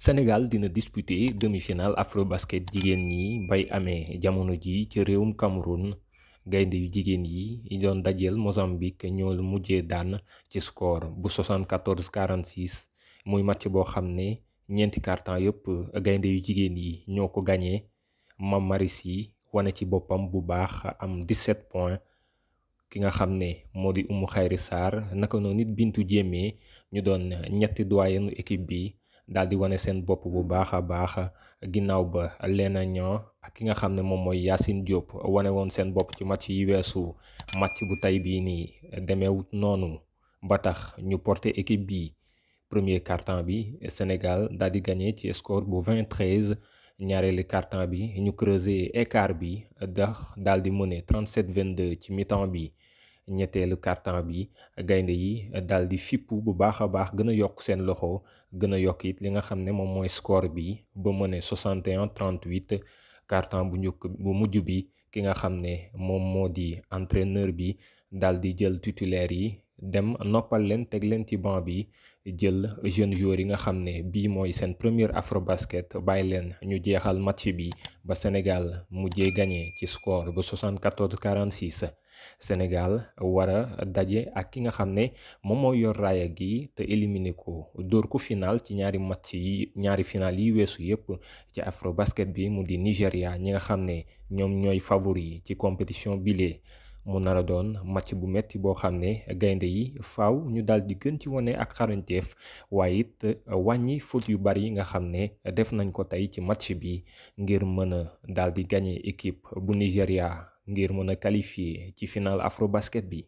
Sénégal dina disputer demi-finale afrobasket jigéen ñi bay amee jamono ji ci réewum Cameroun gaynde yu jigéen yi doon dajeel Mozambique ñoo mujjee daan ci score bu 74 46 muy match boo xam ne ñeenti carton yëpp gaynde yu jigéen yi ñoo ko gañee Mam Maris yi wane ci boppam bu baax am 17 points ki nga xam ne moo di Umu Xayri Sarr naka noonu nit Bintu Jéemee ñu doon ñetti doyenu équipe bi. daal di wane seen bopp bu baax a baax ginnaaw ba Léna Niang ak ki nga xam ne moom mooy Yacine Diop wane woon seen bopp ci match yi weesu match bu tey bii nii demeewut noonu ba tax ñu porter équipe bi premier carton bi Sénégal daal di gagné ci score bu 23 ñaareeli carton bi ñu creuser écart bi dax daal di mëne vingt deux ci mi-temps bi. ñetteelu carton bi gaynde yi daal di fippu bu baax a baax gën a yokk seen loxo gën a yokk li nga xam ne moom mooy score bi ba mëne 61 38 carton bu njëkk bu mujj bi ki nga xam ne moom moo di entraîneur bi dal di jël titulaire yi dem noppal leen teg leen ci banc bi jël jeune joueur yi nga xam ne bii mooy seen première afrobasket bàyyi leen ñu jeexal match bi ba Sénégal mujjee gagné ci score ba 74 46. Sénégal war a daje ak ki nga xam ne moom moo yor raaya gi te éliminé ko dóor ko final ci ñaari match yi ñaari final yi weesu yépp ci afro basket bi mu di Nigéria ñi nga xam ne ñoom ñooy favori ci compétition bile. mu nar a doon match bu metti boo xam ne gaynde yi faw ñu daal di gën ci wane ak xarañteef waaye it wàññi foot yu bari yi nga xam ne def nañ ko tey ci match bi ngir mën a daal di gagné équipe bu Nigéria ngir mën a qualifier ci final afrobasket bi.